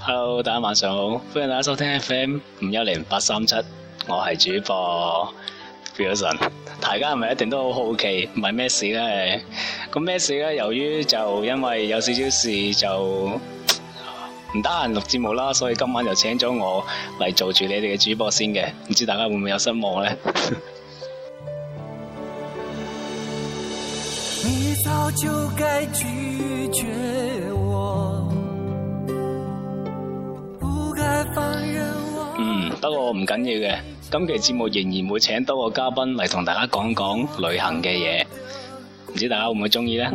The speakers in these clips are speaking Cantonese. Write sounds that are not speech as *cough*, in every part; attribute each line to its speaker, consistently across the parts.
Speaker 1: hello，大家晚上好，歡迎大家收聽 FM 五一零八三七，我係主播 Philson。大家係咪一定都好好奇，唔係咩事咧？咁咩事咧？由於就因為有少少事就唔得閒錄節目啦，所以今晚就請咗我嚟做住你哋嘅主播先嘅，唔知大家會唔會有失望咧？ *laughs* 你早就嗯，我不過唔緊要嘅，今期節目仍然會請多個嘉賓嚟同大家講講旅行嘅嘢，唔知大家會唔會中意呢？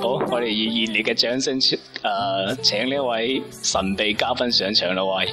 Speaker 1: 好，我哋以熱烈嘅掌聲出誒、呃，請呢位神秘嘉賓上場喇，喂！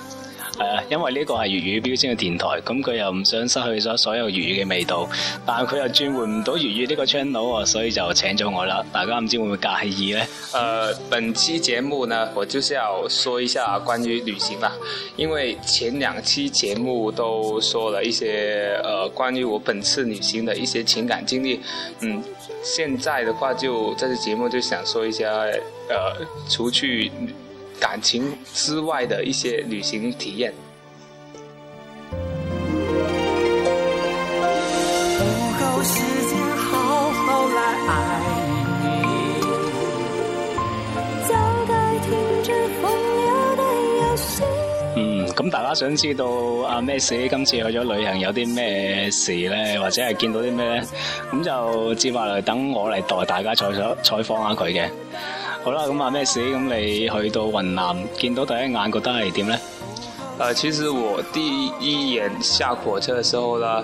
Speaker 1: 係啊，因為呢個係粵語標籤嘅電台，咁佢又唔想失去咗所有粵語嘅味道，但係佢又轉換唔到粵語呢個 channel，所以就請咗我啦。大家唔知會唔會介意咧？誒、呃，本期節
Speaker 2: 目呢，我就是要說一下關於旅行啦，因為前兩期節目都說了一些誒、呃、關於我本次旅行的一些情感經歷，嗯，現在的話就，這次、個、節目就想說一下，誒、呃，出去。感情之外的一些旅行體驗。
Speaker 1: 嗯，咁大家想知道阿咩死今次去咗旅行有啲咩事咧？或者係見到啲咩咧？咁就接下嚟，等我嚟代大家採採採訪下佢嘅。好啦，咁阿咩事，咁你去到雲南見到第一眼覺得係點咧？誒、呃，其實我第
Speaker 2: 一眼下火車嘅時候啦。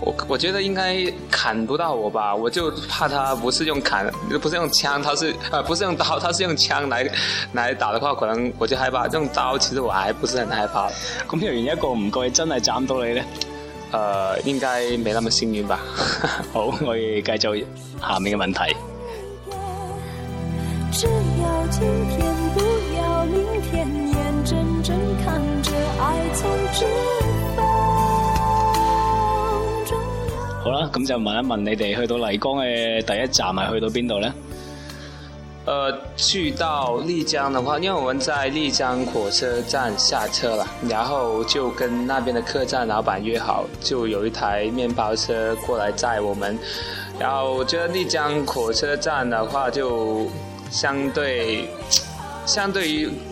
Speaker 2: 我我覺得應該砍不到我吧，我就怕他不是用砍，不是用槍，他是呃不是用刀，他是用槍來來打的話，可能我就害怕。用刀其實我還不是很害怕。咁有冇有一個唔該真係斬到你
Speaker 1: 呢？呃、嗯，應該沒那麼幸運吧。 *laughs* 好，我哋繼續下面嘅問題。只要今天不要明天眼好啦，咁就問一問你哋去到麗江嘅第一站係去到邊度呢？呃，去到麗江嘅話，因為
Speaker 2: 我們在麗江火車站下車啦，然後就跟那邊的客棧老闆約好，就有一台麵包車過來載我們。然後我覺得麗江火車站嘅話就相對，相對於。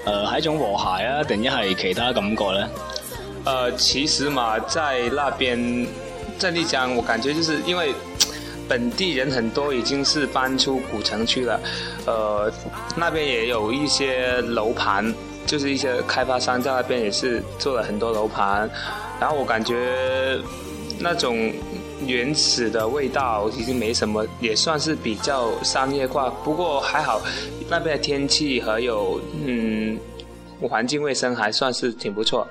Speaker 1: 誒、呃，係一種和諧啊，等一係其他感覺咧？誒、呃，其實嘛，在那邊，在麗江，我感覺就
Speaker 2: 是因為本地人很多，已經是搬出古城區了。誒、呃，那邊也有一些樓盤，就是一些開發商在那邊也是做了很多樓盤，然後我感覺那種。原始的味道其實沒什麼，也算是比較商業化。不過還好，那邊的天氣還有嗯，環境衛生還算是挺不錯。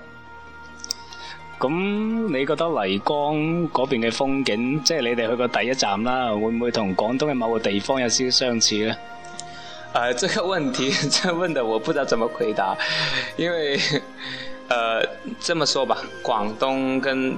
Speaker 1: 咁你覺得麗江嗰邊嘅風景，即係你哋去過第一站啦，會唔會同廣東嘅某個地方有少少相似呢？誒、呃，
Speaker 2: 這個問題，這問
Speaker 1: 的我不知道怎麼回答，因為，呃，
Speaker 2: 這麼說吧，廣東跟。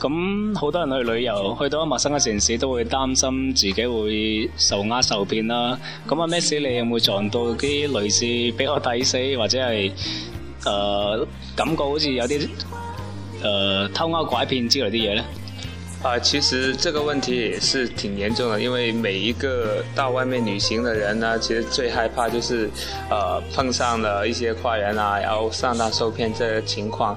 Speaker 1: 咁好多人去旅遊，去到陌生嘅城市都會擔心自己會受壓受騙啦、啊。咁啊，Miss 你有冇撞到啲類似比較抵死或者係誒、呃、感覺好似有啲誒、呃、偷鈎拐騙之類啲嘢咧？啊，
Speaker 2: 其實這個問題也是挺嚴重嘅，因為每一個到外面旅行嘅人呢，其實最害怕就是誒、呃、碰上了一些壞人啦、啊，然後上當受騙呢個情況。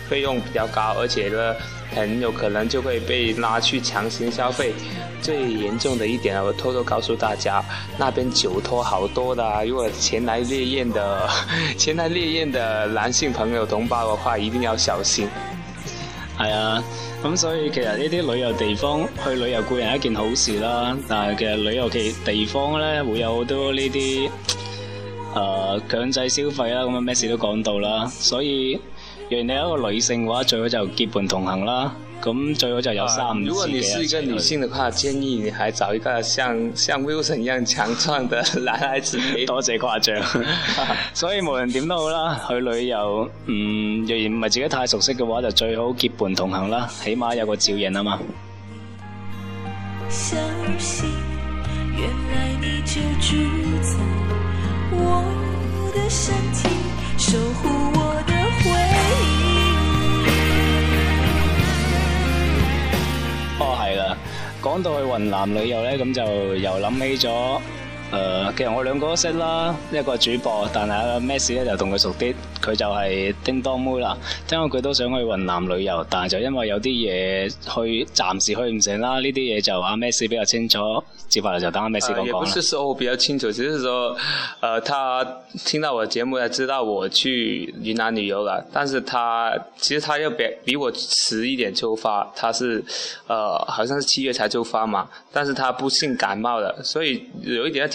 Speaker 2: 費用比較高，而且呢，很有可能就會被拉去強行消費。最嚴重的一點啊，我偷偷告訴大家，那邊酒托好多的。如果前來烈焰的、前來烈焰的男性朋友同
Speaker 1: 胞的話，一定要小心。係啊，咁所以其實呢啲旅遊地方去旅遊固然係一件好事啦，但係其實旅遊嘅地方咧會有好多呢啲，誒、呃、強制消費啦、啊，咁咩事都講到啦，所以。若你係一個女性嘅話，最好就結伴同行啦。咁最好就有三、啊、如果你係一個女性嘅話，建議你還找一個像像 Wilson 一樣強壯嘅男孩子。 *laughs* 多謝誇誇張。 *laughs* *laughs* 所以無論點都好啦，去旅遊，嗯，若然唔係自己太熟悉嘅話，就最好結伴同行啦，起碼有個照應啊嘛。雲南旅遊咧，咁就又諗起咗。誒、呃、其實我兩個都識啦，一個係主播，但係阿 Max 咧就同佢熟啲，佢就係叮噹妹啦。聽講佢都想去雲南旅遊，但係就因為有啲嘢去，暫時去唔成啦。呢啲嘢就阿、啊、Max 比較清楚。接下嚟就等阿 Max 講講啦。也不是
Speaker 2: 說我比較清楚，只是說誒、呃、他聽到我節目，知道我去雲南旅遊啦。但是他其實他又比比我遲一點出發，他是，誒、呃、好像是七月才出發嘛。但是他不幸感冒了，所以有一點。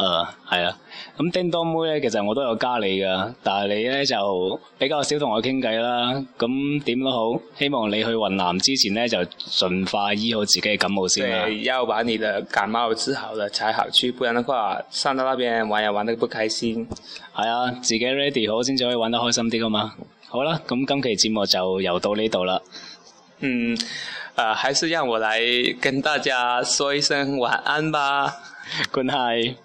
Speaker 1: 誒，係啊，咁、嗯、叮噹妹咧，其實我都有加你噶但係你咧就比較少同我傾偈啦。咁點都好，希望你去雲南之前咧就盡快醫好自己嘅感冒先啦。要把你的感冒治好了才好去，不然的話上到那邊玩又玩得不開心。係啊，自己 ready 好先，就可以玩得開心啲噶嘛。好啦，咁今期節目就由到呢度啦。嗯，誒，還是讓我來跟大家說一聲晚安吧。
Speaker 2: Good night。